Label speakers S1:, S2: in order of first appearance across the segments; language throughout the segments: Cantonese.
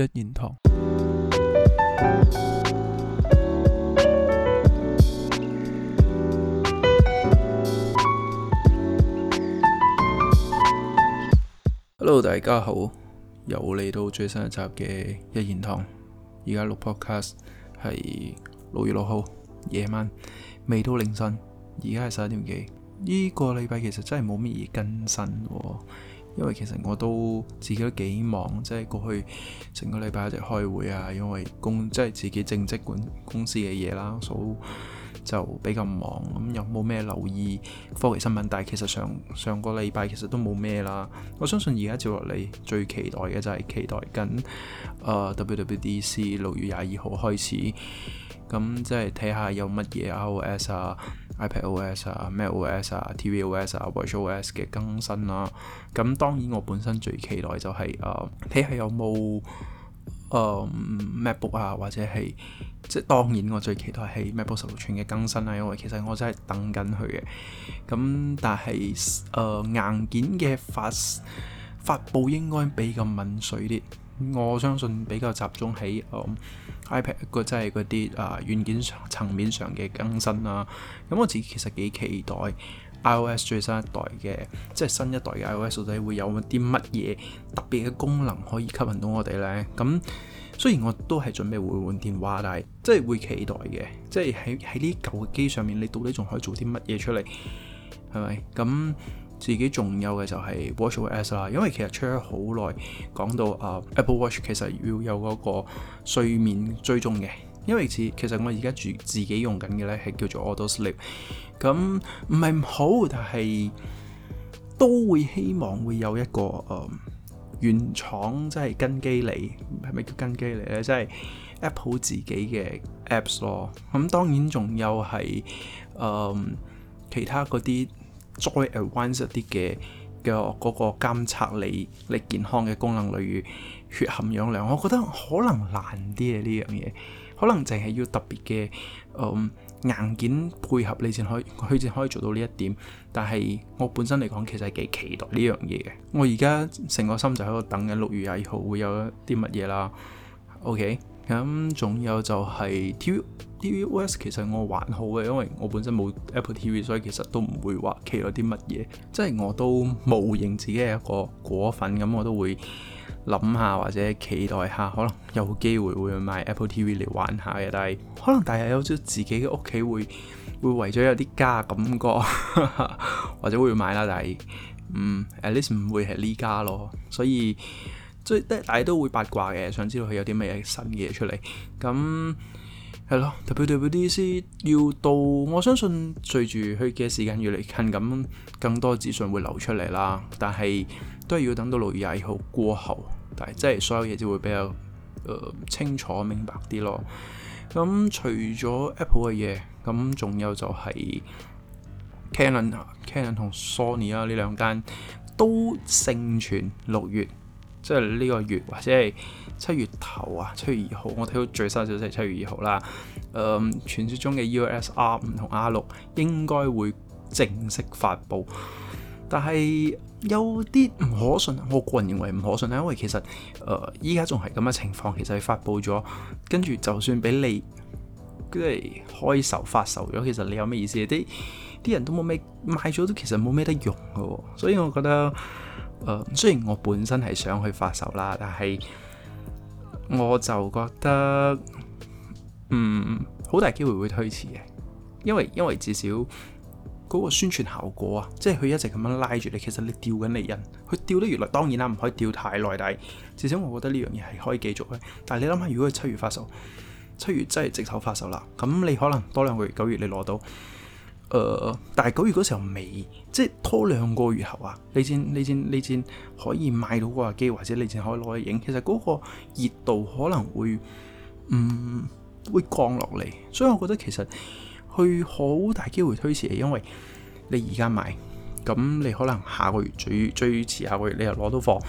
S1: 一言堂。Hello，大家好，又嚟到最新一集嘅一言堂。而家六 podcast 係六月六號夜晚未到凌晨，而家係十一點幾。呢個禮拜其實真係冇乜嘢更新。因為其實我都自己都幾忙，即係過去成個禮拜一直開會啊，因為公即係自己正職管公司嘅嘢啦，所就比較忙，咁又冇咩留意科技新聞，但係其實上上個禮拜其實都冇咩啦。我相信而家接落嚟最期待嘅就係期待緊，誒、呃、WWDC 六月廿二號開始，咁即係睇下有乜嘢 iOS 啊、iPadOS 啊、MacOS 啊、TVOS 啊、WatchOS 嘅、啊啊、更新啦、啊。咁當然我本身最期待就係誒睇下有冇。誒、uh, MacBook 啊，或者係即係當然我最期待係 MacBook 十六寸嘅更新啦，因為其實我真係等緊佢嘅。咁但係誒、呃、硬件嘅發發布應該比較敏水啲，我相信比較集中喺、嗯、iPad 嗰即係嗰啲啊軟件層層面上嘅更新啦。咁我自己其實幾期待。iOS 最新一代嘅，即係新一代嘅 iOS，到底會有啲乜嘢特別嘅功能可以吸引到我哋呢？咁雖然我都係準備換換電話，但係即係會期待嘅，即係喺喺呢舊嘅機上面，你到底仲可以做啲乜嘢出嚟？係咪？咁自己仲有嘅就係 WatchOS 啦，因為其實出咗好耐，講到啊、uh, Apple Watch 其實要有嗰個睡眠追蹤嘅。因為似其實我而家住自己用緊嘅咧，係叫做 Auto Sleep。咁唔係唔好，但係都會希望會有一個誒、呃、原廠即係跟機嚟，係咪叫跟機嚟咧？即係 Apple 自己嘅 Apps 咯。咁當然仲有係誒、呃、其他嗰啲再 advanced 啲嘅嘅嗰個監測你你健康嘅功能，例如血含氧，氧量，我覺得可能難啲嘅呢樣嘢。可能淨係要特別嘅、嗯，硬件配合你先可以，佢先可以做到呢一點。但係我本身嚟講，其實係幾期待呢樣嘢嘅。我而家成個心就喺度等緊六月廿二號會有一啲乜嘢啦。OK，咁、嗯、仲有就係 TV、TVOS 其實我還好嘅，因為我本身冇 Apple TV，所以其實都唔會話期待啲乜嘢。即係我都無認自己係一個果粉，咁我都會。諗下或者期待下，可能有機會會去買 Apple TV 嚟玩下嘅。但係可能大家有咗自己嘅屋企，會會為咗有啲家感覺， 或者會買啦。但係嗯，at least 唔會係呢家咯。所以即係大家都會八卦嘅，想知道佢有啲咩新嘢出嚟。咁係咯，WWDC 要到，我相信隨住佢嘅時間越嚟近咁，更多資訊會流出嚟啦。但係都係要等到六月廿二號過後。即係所有嘢就會比較誒、呃、清楚明白啲咯。咁除咗 Apple 嘅嘢，咁仲有就係 Canon、啊、Canon 同 Sony 啦。呢兩間都盛傳六月，即係呢個月或者係七月頭啊，七月二號我睇到最新消息，七月二號啦。誒，傳説中嘅 USR 五同 R 六應該會正式發布，但係。有啲唔可信，我個人認為唔可信，因為其實誒依家仲係咁嘅情況，其實係發布咗，跟住就算俾你即係開售發售咗，其實你有咩意思？啲啲人都冇咩買咗，都其實冇咩得用嘅，哦，所以我覺得誒、呃，雖然我本身係想去發售啦，但係我就覺得嗯好大機會會推遲嘅，因為因為至少。嗰個宣傳效果啊，即係佢一直咁樣拉住你，其實你吊緊嚟人，佢吊得越嚟當然啦，唔可以吊太耐，但係至少我覺得呢樣嘢係可以繼續嘅。但係你諗下，如果佢七月發售，七月真係直頭發售啦，咁你可能多兩個月，九月你攞到，誒、呃，但係九月嗰時候未，即係拖兩個月後啊，你先你先你先可以買到嗰個機，或者你先可以攞去影。其實嗰個熱度可能會唔、嗯、會降落嚟，所以我覺得其實。佢好大機會推遲，因為你而家買，咁你可能下個月最最遲下個月你又攞到貨，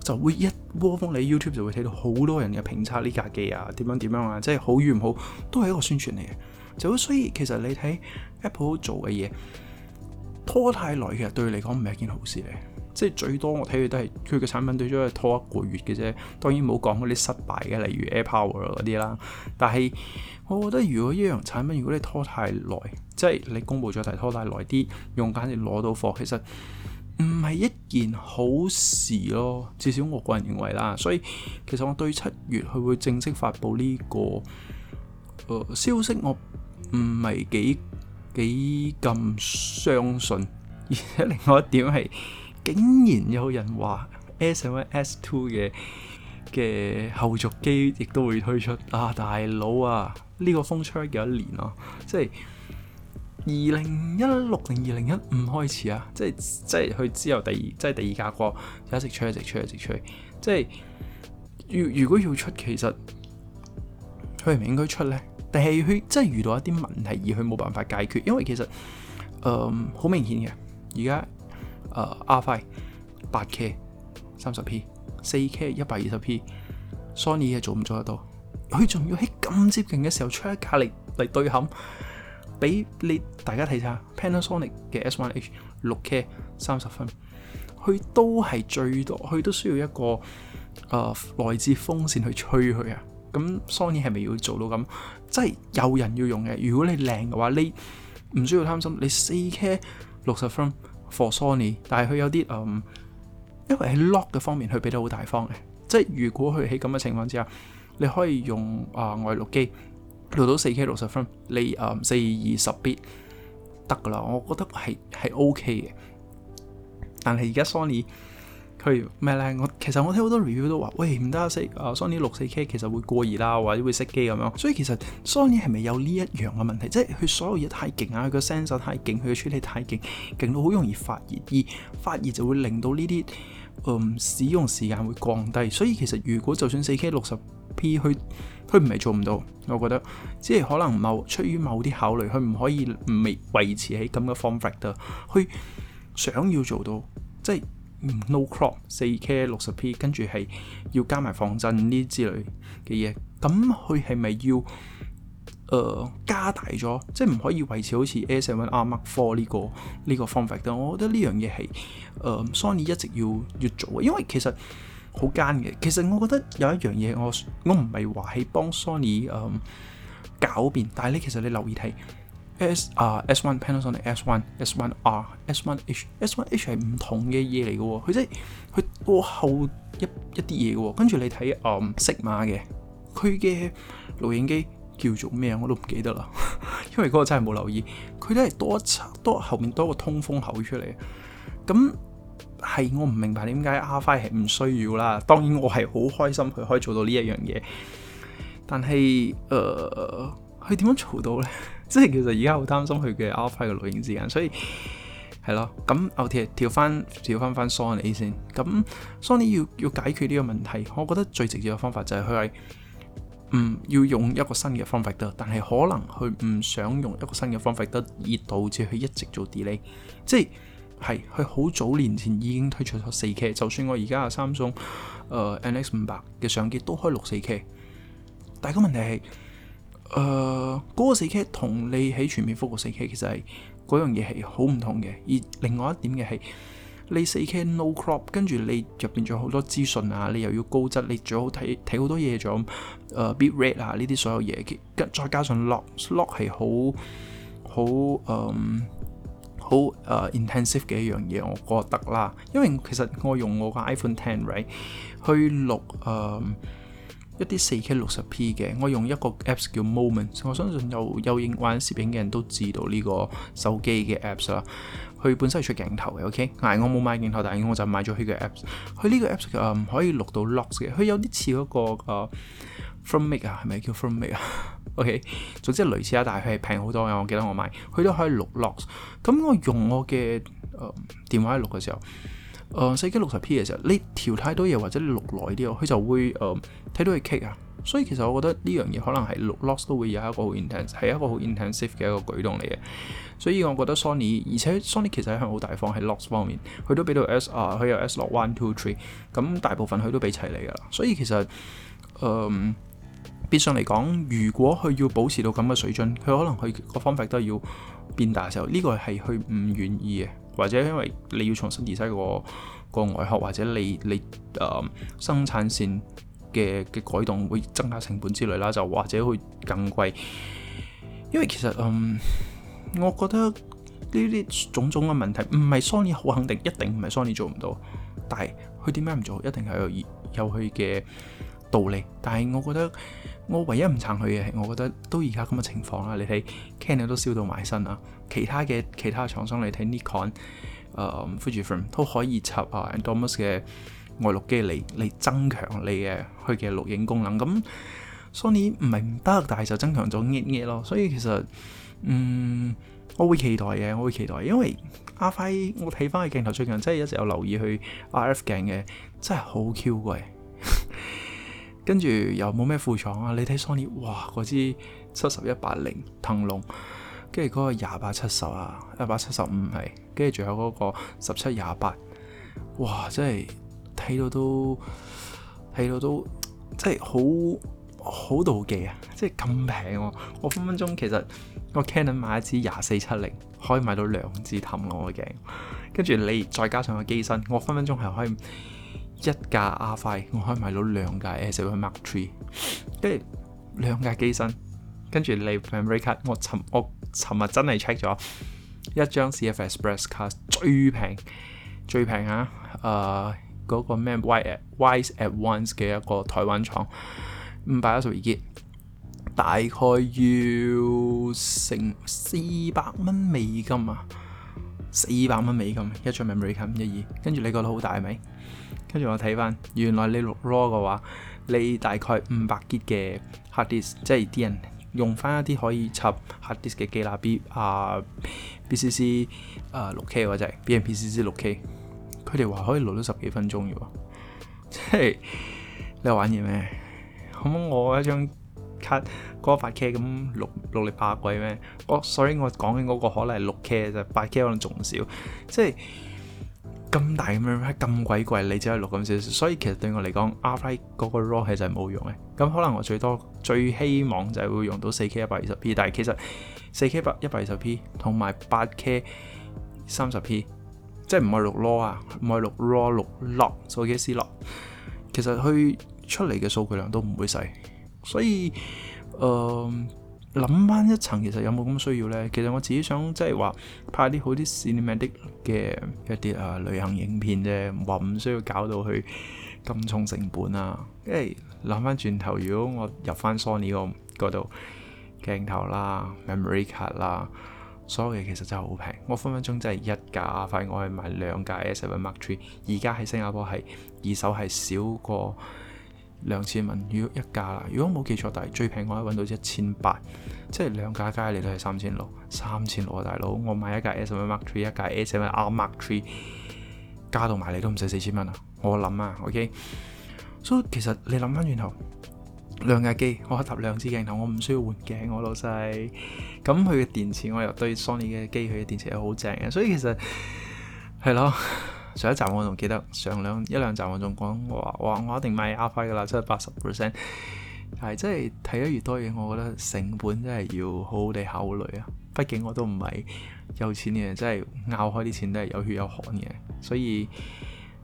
S1: 就會一窩蜂你 YouTube 就會睇到好多人嘅評測呢架、這個、機啊，點樣點樣啊，即係好與唔好都係一個宣傳嚟嘅，就好，所以其實你睇 Apple 做嘅嘢拖太耐，其實對你嚟講唔係一件好事嚟。即係最多我睇佢都係佢個產品對咗係拖一個月嘅啫，當然冇講嗰啲失敗嘅，例如 AirPower 嗰啲啦。但係我覺得如果一樣產品，如果你拖太耐，即係你公佈咗題拖太耐啲，用家直攞到貨，其實唔係一件好事咯。至少我個人認為啦。所以其實我對七月佢會正式發布呢、呢個、呃，消息我唔係幾幾咁相信。而且另外一點係。竟然有人話 S One、S Two 嘅嘅後續機亦都會推出啊！大佬啊，呢個風吹咗幾多年咯，啊？即係二零一六，定二零一五開始啊！即係即係佢之後第二，即係第二架波一直吹一直吹一直吹，即係如如果要出，其實佢唔咪應該出呢？但係佢真係遇到一啲問題而佢冇辦法解決，因為其實嗯好明顯嘅而家。誒，R5 八 K 三十 P 四 K 一百二十 P，Sony 係做唔做得到？佢仲要喺咁接近嘅時候出一卡力嚟對冚，俾你大家睇下，Panasonic 嘅 S1H 六 K 三十分，佢都係最多，佢都需要一個誒、uh, 內置風扇去吹佢啊。咁 Sony 係咪要做到咁？即係有人要用嘅。如果你靚嘅話，你唔需要貪心。你四 K 六十分。for Sony，但係佢有啲嗯，因為喺 Log 嘅方面佢俾得好大方嘅，即係如果佢喺咁嘅情況之下，你可以用啊、呃、外錄機錄到四 K 六十分，你嗯四二十 bit 得噶啦，我覺得係係 OK 嘅，但係而家 Sony。佢咩咧？我其實我聽好多 review 都話，喂唔得啊！Sony 六四 K 其實會過熱啦，或者會熄機咁樣。所以其實 Sony 係咪有呢一樣嘅問題？即係佢所有嘢太勁啊，佢個 Sensor 太勁，佢嘅處理太勁，勁到好容易發熱，而發熱就會令到呢啲嗯使用時間會降低。所以其實如果就算四 K 六十 P 去，佢佢唔係做唔到。我覺得即係可能某出於某啲考慮，佢唔可以未維持喺咁嘅方法度，去想要做到即係。no crop 四 K 六十 P 跟住係要加埋防震呢啲之類嘅嘢，咁佢係咪要誒、呃、加大咗？即係唔可以維持好似 A7R M4 呢個呢、這個方法？但我覺得呢樣嘢係誒 Sony 一直要要做，因為其實好艱嘅。其實我覺得有一樣嘢，我我唔係話係幫 Sony 誒、呃、狡辯，但係咧其實你留意睇。S r S1 Panasonic 定 S1 S1 R S1 H S1 H 係唔同嘅嘢嚟嘅喎，佢即係佢多後一一啲嘢嘅喎，跟住你睇呃 Sigma 嘅，佢嘅錄影機叫做咩我都唔記得啦， 因為嗰個真係冇留意，佢都係多一多後邊多個通風口出嚟，咁係我唔明白點解 R5 係唔需要啦。當然我係好開心佢可以做到呢一樣嘢，但係誒。呃佢點樣做到呢？即係其實而家好擔心佢嘅 Alpha 嘅錄影時間，所以係咯。咁我哋調翻調翻翻 Sony 先。咁 Sony 要要解決呢個問題，我覺得最直接嘅方法就係佢係唔要用一個新嘅方法得，但係可能佢唔想用一個新嘅方法得，而導致佢一直做 delay。即係係佢好早年前已經推出咗四 K，就算我而家有 Samsung NX 五百嘅相機都開六四 K，但係個問題係。誒嗰、uh, 個四 K 同你喺全面複合四 K 其實係嗰樣嘢係好唔同嘅，而另外一點嘅係你四 K no crop，跟住你入邊仲有好多資訊啊，你又要高質，你仲要睇睇好多嘢仲有，誒、uh, bit rate 啊呢啲所有嘢，跟再加上 lock lock 係好好誒好誒 intensive 嘅一樣嘢，我覺得啦，因為其實我用我個 iPhone Ten、right? 去錄誒。Um, 一啲四 K 六十 P 嘅，我用一個 apps 叫 Moment，我相信有有影玩攝影嘅人都知道呢個手機嘅 apps 啦。佢本身係出鏡頭嘅，OK。但係我冇買鏡頭，但係我就買咗佢嘅 apps。佢呢個 apps 誒、呃、可以錄到 log 嘅，佢有啲似嗰個 FromMe 啊，係、呃、咪 From 叫 FromMe 啊？OK，總之類似啊，但係平好多嘅。我記得我買，佢都可以錄 log。咁我用我嘅誒、呃、電話錄嘅時候。誒四 K 六十 P 嘅時候，你調太多嘢，或者你錄耐啲佢就會誒睇、呃、到佢 cake 啊。所以其實我覺得呢樣嘢可能係錄 loss 都會有一個好 intense，係一個好 intensive 嘅一個舉動嚟嘅。所以我覺得 Sony，而且 Sony 其實係好大方喺 loss 方面，佢都俾到 S r、啊、佢有 S 六 one two three，咁大部分佢都俾齊你噶啦。所以其實誒，變、呃、相嚟講，如果佢要保持到咁嘅水準，佢可能佢個方法都要變大嘅時候，呢個係佢唔願意嘅。或者因為你要重新設計個個外殼，或者你你誒、呃、生產線嘅嘅改動會增加成本之類啦，就或者會更貴。因為其實嗯、呃，我覺得呢啲種種嘅問題唔係 Sony 好肯定，一定唔係 Sony 做唔到，但係佢點解唔做？一定係有有佢嘅道理，但係我覺得我唯一唔撐佢嘅係，我覺得都而家咁嘅情況啦。你睇 Canon 都燒到埋身啊，其他嘅其他廠商你睇 Nikon、誒 Nik、uh, Fujifilm 都可以插啊 Andromax 嘅外錄機嚟嚟增強你嘅佢嘅錄影功能。咁 Sony 唔明得，但係就增強咗啲啲咯。所以其實嗯，我會期待嘅，我會期待，因為 R5 我睇翻佢鏡頭最近真係一直有留意佢 RF 鏡嘅，真係好 Q 貴。跟住又冇咩副廠啊！你睇 Sony，哇，嗰支七十一八零騰龍，跟住嗰個廿八七十啊，一百七十五係，跟住仲有嗰個十七廿八，哇！真係睇到都睇到都真係好好妒忌啊！即係咁平喎，我分分鐘其實我 Canon 買一支廿四七零可以買到兩支騰龍嘅鏡，跟住你再加上個機身，我分分鐘係可以。一架 R 快，5，我可以買到兩架 A7S Mark Three，跟住兩架機身，跟住你 memory 卡，我尋我尋日真係 check 咗一張 CF Express 卡，最平最平啊！誒、uh，嗰個咩 Wise Wise Advanced 嘅一個台灣廠五百一十二 G，大概要成四百蚊美金啊！四百蚊美金一張 memory 金一二，跟住你覺得好大係咪？跟住我睇翻，原來你錄 raw 嘅話，你大概五百結嘅 hard disk，即係啲人用翻一啲可以插 hard disk 嘅機啦，B 啊、uh, B C C 啊六 K 嗰隻 BMPCC 六 K，佢哋話可以錄到十幾分鐘嘅喎，即係你玩嘢咩？咁我一張？Cut 嗰個八 K 咁六六嚟拍鬼咩？Oh, sorry, 我所以我講緊嗰個可能係六 K 就八 K 可能仲少，即係咁大咁樣，咁鬼貴，你只可以錄咁少，所以其實對我嚟講，upgrade 嗰個 RAW 係就冇用嘅。咁可能我最多最希望就係會用到四 K 一百二十 P，但係其實四 K 百一百二十 P 同埋八 K 三十 P，即係唔係六 RAW 啊，唔係六 RAW 六 log 手機 C log，其實佢出嚟嘅數據量都唔會細。所以，誒、呃，諗翻一層，其實有冇咁需要呢？其實我自己想即係話拍啲好啲、cinematic 嘅一啲啊旅行影片啫，話唔需要搞到去咁重成本啊。因為諗翻轉頭，如果我入翻 Sony、那個嗰度鏡頭啦、Memory card 啦，所有嘢其實真係好平，我分分鐘真係一架，反而我係買兩架 A7 Mark III，而家喺新加坡係二手係少過兩千蚊，如果一架啦，如果冇記錯，但係最平我都揾到一千八，即係兩架機你都係三千六，三千六啊大佬，我買一架 S M Mark Three，一架 S M a R Mark Three，加到埋你都唔使四千蚊啊，我諗啊，OK，所、so，以其實你諗翻轉頭，兩架機，我搭兩支鏡頭，我唔需要換鏡，我老細，咁佢嘅電池我又對 Sony 嘅機佢嘅電池係好正嘅，所以其實係咯。 上一集我仲記得，上兩一兩集我仲講，我話，哇！我一定買 R5 噶啦，即係八十 percent。係真係睇得越多嘢，我覺得成本真係要好好地考慮啊。畢竟我都唔係有錢嘅，真係拗開啲錢都係有血有汗嘅，所以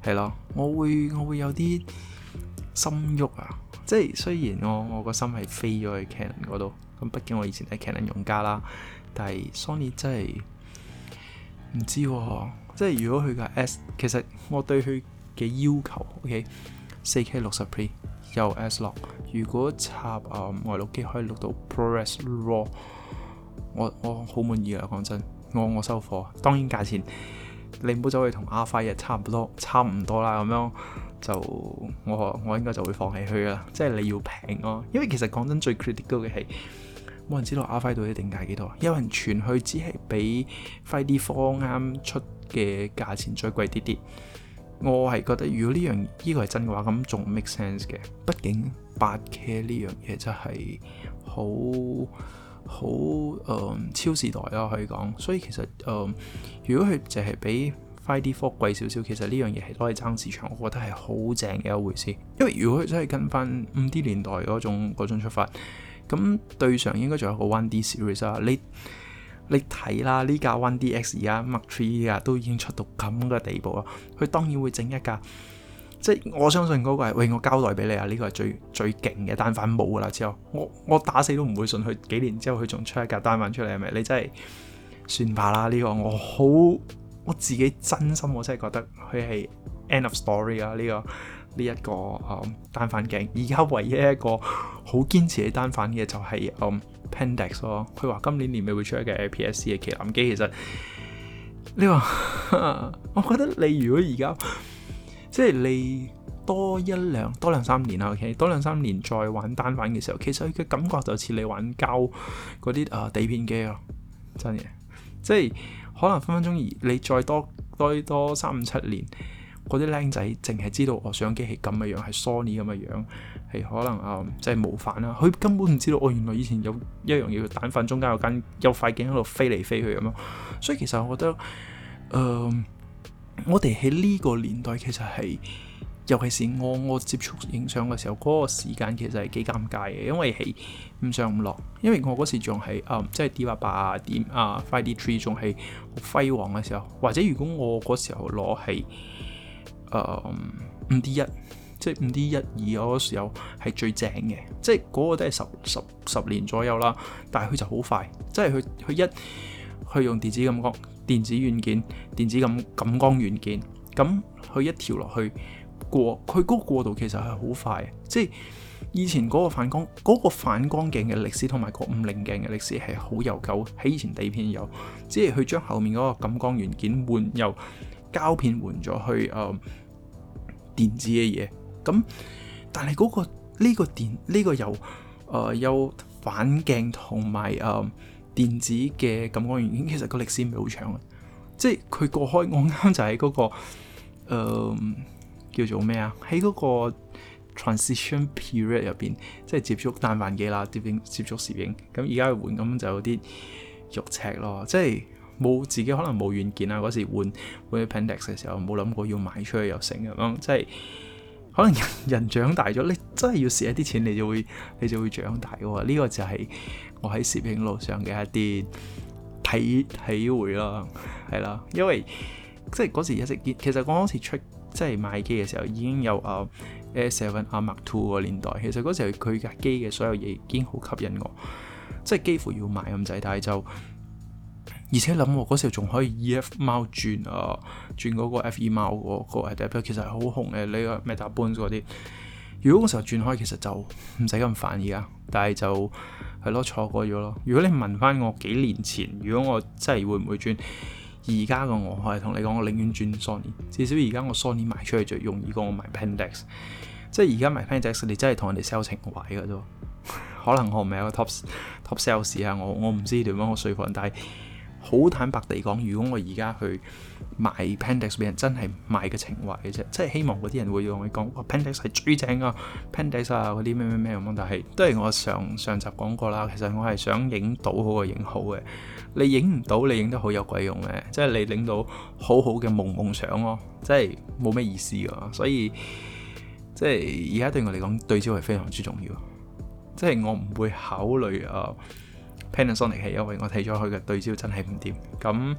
S1: 係咯，我會我會有啲心喐啊。即係雖然我我個心係飛咗去 Canon 嗰度，咁畢竟我以前係 Canon 用家啦，但係 Sony 真係唔知啊。即係如果佢嘅 S，其實我對佢嘅要求，OK，4K、okay? 六十 P 有 Slog 如果插誒、呃、外錄機可以錄到 ProRes Raw，我我好滿意啊！講真，我我收貨，當然價錢你唔好走去同阿輝差唔多，差唔多啦咁樣就我我應該就會放棄佢啦。即係你要平咯、啊，因為其實講真最 critical 嘅係冇人知道阿輝到底定價幾多，有人傳去只係比快啲方啱出。嘅價錢再貴啲啲，我係覺得如果呢樣呢個係真嘅話，咁仲 make sense 嘅。畢竟八 K 呢樣嘢真係好好誒超時代咯，可以講。所以其實誒、嗯，如果佢淨係比 Five D Four 貴少少，其實呢樣嘢係攞嚟爭市場，我覺得係好正嘅一回事。因為如果佢真係跟翻五 D 年代嗰種嗰種出發，咁對上應該仲有個 One D Series 啊，你。你睇啦，呢架 One D X 而家 Mac Three 啊，都已經出到咁嘅地步啦。佢當然會整一架，即係我相信嗰個係喂，我交代俾你啊，呢個係最最勁嘅單反冇噶啦。之後我我打死都唔會信佢幾年之後佢仲出一架單反出嚟係咪？你真係算罷啦，呢個我好我自己真心我真係覺得佢係 end of story 啊。呢個呢一個啊嗯單反鏡而家唯一一個好堅持嘅單反嘅就係嗯 Pentax 咯，佢話、哦、今年年尾會出一個 APS-C 嘅旗艦機，其實你話， 我覺得你如果而家即係你多一兩多兩三年啊，OK，多兩三年再玩單反嘅時候，其實佢感覺就似你玩膠嗰啲啊底片機咯，哦，真嘅，即、就、係、是、可能分分鐘而你再多多多三五七年。嗰啲僆仔淨係知道我相機係咁嘅樣，係 Sony 咁嘅樣，係可能啊，即、嗯、係、就是、模範啦。佢根本唔知道我、哦、原來以前有一樣叫蛋粉，中間有間有快鏡喺度飛嚟飛去咁咯。所以其實我覺得，誒、嗯，我哋喺呢個年代其實係，尤其是我我接觸影相嘅時候，嗰、那個時間其實係幾尷尬嘅，因為係唔上唔落，因為我嗰時仲係誒，即、嗯、係、就是、D 八八啊，D 啊，Five D t r e e 仲係輝煌嘅時候。或者如果我嗰時候攞係。誒五、um, D 一，即係五 D 一二嗰時候係最正嘅，即係嗰個都係十十十年左右啦。但係佢就好快，即係佢佢一佢用電子感光、電子元件、電子感感光元件，咁佢一調落去過，佢嗰個過渡其實係好快。即係以前嗰個反光嗰、嗰個反光鏡嘅歷史同埋個五稜鏡嘅歷史係好悠久，喺以前底片有，即係佢將後面嗰個感光元件換又。膠片換咗去誒、呃、電子嘅嘢，咁但係嗰、那個呢、這個電呢、這個有誒、呃、有反鏡同埋誒電子嘅感光元件，其實個歷史唔係好長嘅，即係佢過開我啱就喺嗰、那個、呃、叫做咩啊？喺嗰個 transition period 入邊，即係接觸單反機啦，攝影接觸攝影，咁而家換咁就有啲肉赤咯，即係。冇自己可能冇軟件啊！嗰時換換啲 Pentax 嘅時候，冇諗過要賣出去又成咁，即係可能人，人長大咗，你真係要蝕一啲錢，你就會你就會長大嘅喎。呢個就係我喺攝影路上嘅一啲體體會啦，係啦，因為即係嗰時一直見，其實我嗰時出即係買機嘅時候已經有啊 A7 Mark Two 個年代，其實嗰時佢架機嘅所有嘢已經好吸引我，即係幾乎要買咁滯，但係就。而且諗我嗰時候仲可以 E.F. 貓轉啊，轉嗰個 F.E. 貓嗰、嗰個係第一其實係好紅嘅你、呢個 Metabones 嗰啲。如果嗰時候轉開，其實就唔使咁煩而家，但係就係咯，錯過咗咯。如果你問翻我幾年前，如果我真係會唔會轉，而家嘅我係同你講，我寧願轉 Sony，至少而家我 Sony 賣出去最容易過我賣 Pandex。即係而家賣 Pandex，你真係同人哋 sell 情懷嘅啫。 可能我唔係個 top top sales 啊，我我唔知點樣我睡訓，但係。好坦白地講，如果我而家去賣 Pentax 俾人，真係賣嘅情懷嘅啫，即係希望嗰啲人會同你講，哇 Pentax 係最正啊 Pentax 啊嗰啲咩咩咩咁，但係都係我上上集講過啦。其實我係想影到好過影好嘅，你影唔到你影得好有鬼用咩？即係你影到好好嘅夢夢想咯，即係冇咩意思噶。所以即係而家對我嚟講，對焦係非常之重要。即係我唔會考慮啊。Panasonic 係因為我睇咗佢嘅對焦真係唔掂，咁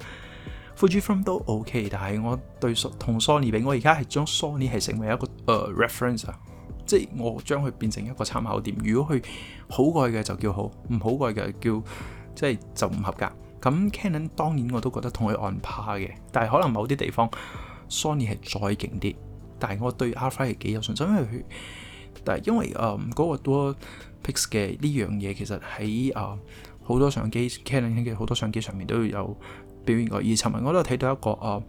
S1: FujiFilm 都 OK，但係我對同 Sony 比，我而家係將 Sony 係成為一個誒、uh, reference 啊，即係我將佢變成一個參考點。如果佢好過嘅就叫好，唔好過嘅叫即係就唔合格。咁 Canon 當然我都覺得同佢 on par 嘅，但係可能某啲地方 Sony 係再勁啲。但係我對 RF 係幾有信心，因為但係因為誒嗰、uh, 個多 pix 嘅呢樣嘢其實喺誒。Uh, 好多相機 Canon 嘅好多相機上面都有表現過，而尋日我都睇到一個啊、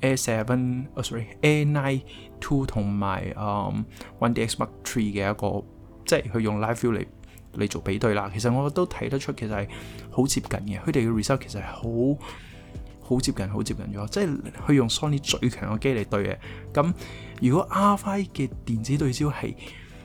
S1: uh, A Seven，sorry、uh, A Nine Two 同埋 One D X Mark Three 嘅一個，即係佢用 Live View 嚟嚟做比對啦。其實我都睇得出其實係好接近嘅，佢哋嘅 result 其實係好好接近好接近咗。即係佢用 Sony 最強嘅機嚟對嘅。咁如果 R Five 嘅電子對焦係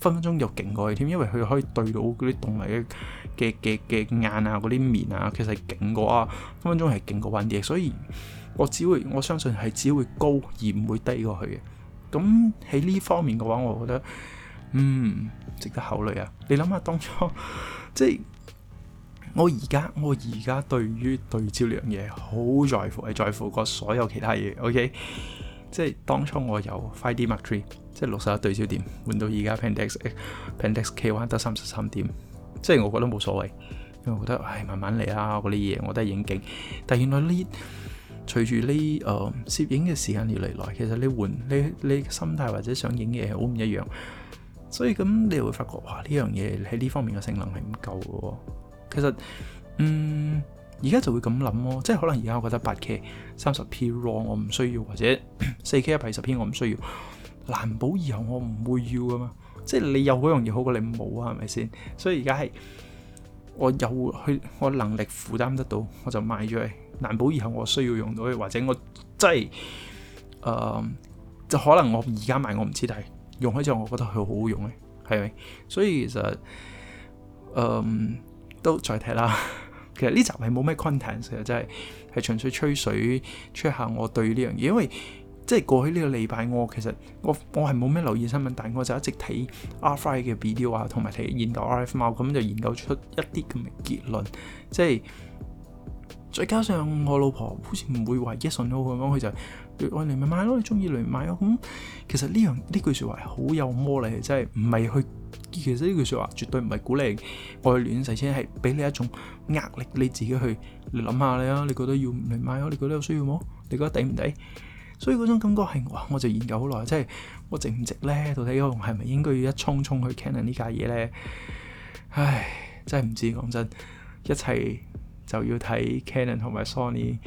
S1: 分分鐘又勁過去添，因為佢可以對到嗰啲動物嘅嘅嘅嘅眼啊，嗰啲面啊，其實係勁過啊，分分鐘係勁過溫嘢。所以我只會我相信係只會高而唔會低過去嘅。咁喺呢方面嘅話，我覺得嗯值得考慮啊。你諗下當初即係我而家我而家對於對焦呢樣嘢好在乎，係在乎過所有其他嘢。OK。即係當初我有 Five D Mark Three，即係六十一對焦點，換到而家 Pentax Pentax K One 得三十三點，即係我覺得冇所謂，因為我覺得唉慢慢嚟啦，嗰啲嘢我都係影景，但係原來呢隨住呢誒攝影嘅時間越嚟耐，其實你換你你心態或者想影嘅嘢好唔一樣，所以咁你會發覺哇呢樣嘢喺呢方面嘅性能係唔夠嘅，其實嗯。而家就會咁諗咯，即係可能而家我覺得八 K、三十 P RAW 我唔需要，或者四 K 一百二十 P 我唔需要。難保以後我唔會要啊嘛，即係你有好容易好過你冇啊，係咪先？所以而家係我有去，我能力負擔得到，我就買咗。難保以後我需要用到，或者我即係誒、呃，就可能我而家買我唔知，但係用起之後我覺得佢好好用嘅，係咪？所以其實誒、呃、都再睇啦。 其實呢集係冇咩 content 嘅，真係係純粹吹水，吹下我對呢樣嘢。因為即係、就是、過去呢個禮拜我，我其實我我係冇咩留意新聞，但係我就一直睇 R Fry 嘅 video 啊，同埋睇研究 RF 咁就研究出一啲咁嘅結論。即、就、係、是、再加上我老婆好似唔會話 yes or no 咁，佢就愛嚟咪買咯，你中意嚟買咯。咁、嗯、其實呢樣呢句説話係好有魔力，真係唔係去。其實呢句説話絕對唔係鼓勵愛戀細先係俾你一種壓力。你自己去你諗下你啊，你覺得要唔要買啊？你覺得有需要冇？你覺得抵唔抵？所以嗰種感覺係哇，我就研究好耐，即係我值唔值呢？到底我係咪應該要一衝衝去 Canon 呢家嘢呢？」唉，真係唔知講真，一切就要睇 Canon 同埋 Sony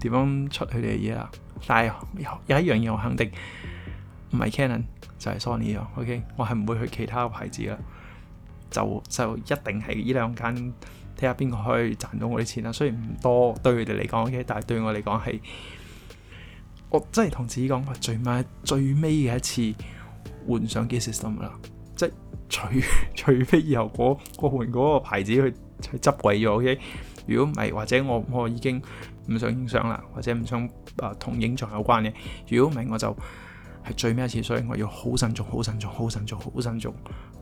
S1: 點樣出佢哋嘅嘢啦。但係又有,有一樣嘢我肯定唔係 Canon。就係 Sony 啊，OK，我係唔會去其他牌子啦，就就一定係呢兩間睇下邊個可以賺到我啲錢啦。雖然唔多對佢哋嚟講 OK，但係對我嚟講係，我真係同自己講最尾最尾嘅一次換相機 System 啦，即係除除非以後嗰嗰換嗰個牌子去去執鬼咗 OK，如果唔係或者我我已經唔想影相啦，或者唔想啊同、呃、影像有關嘅，如果唔係我就。係最尾一次，所以我要好慎重、好慎重、好慎重、好慎重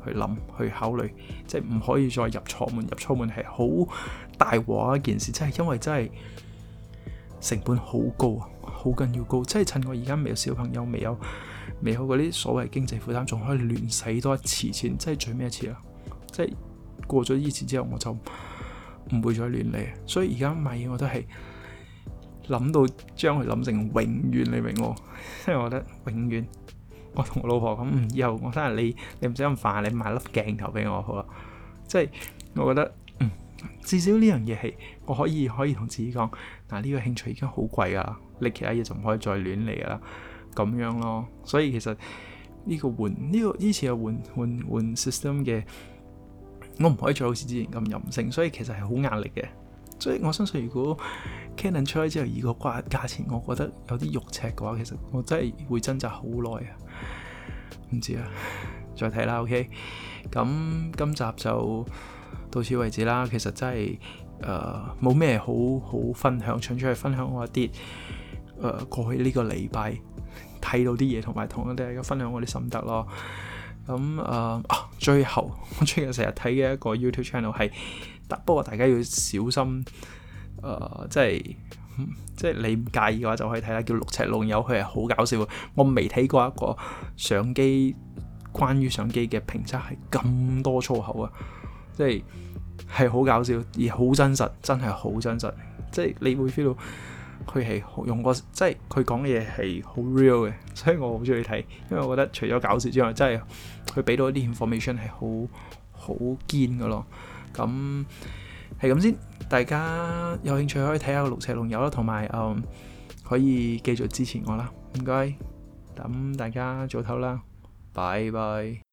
S1: 去諗、去考慮，即係唔可以再入錯門。入錯門係好大鑊一件事，即係因為真係成本好高啊，好緊要高。即係趁我而家未有小朋友、未有、未有嗰啲所謂經濟負擔，仲可以亂使多一次錢，即係最尾一次啦。即係過咗呢次之後，我就唔會再亂嚟。所以而家買嘢我都係。諗到將佢諗成永遠，你明我？因 為我覺得永遠，我同我老婆咁、嗯，以後我生日你，你唔使咁煩，你買粒鏡頭俾我好啦。即係我覺得，嗯、至少呢樣嘢係我可以可以同自己講。嗱，呢個興趣已經好貴噶啦，你其他嘢就唔可以再亂嚟啦。咁樣咯，所以其實呢個換呢、呢個呢次嘅換換換 system 嘅，我唔可以再好似之前咁任性，所以其實係好壓力嘅。所以我相信如果。Canon 出嚟之後，如果個價錢，我覺得有啲肉赤嘅話，其實我真係會掙扎好耐啊！唔知啊，再睇啦，OK。咁今集就到此為止啦。其實真係誒冇咩好好分享，除咗係分享我一啲誒過去呢個禮拜睇到啲嘢，同埋同我哋分享我啲心得咯。咁誒，最後我最近成日睇嘅一個 YouTube channel 係，不過大家要小心。誒、uh，即係即係你唔介意嘅話，就可以睇下叫六尺龍友，佢係好搞笑。我未睇過一個相機關於相機嘅評測係咁多粗口啊！即係係好搞笑，而好真實，真係好真實。即係你會 feel 到佢係用過即係佢講嘅嘢係好 real 嘅，所以我好中意睇，因為我覺得除咗搞笑之外，真係佢俾到一啲 information 係好好堅㗎咯。咁係咁先，大家有興趣可以睇下《六尺龍友》啦，同埋誒可以繼續支持我啦，唔該，咁大家早唞啦，拜拜。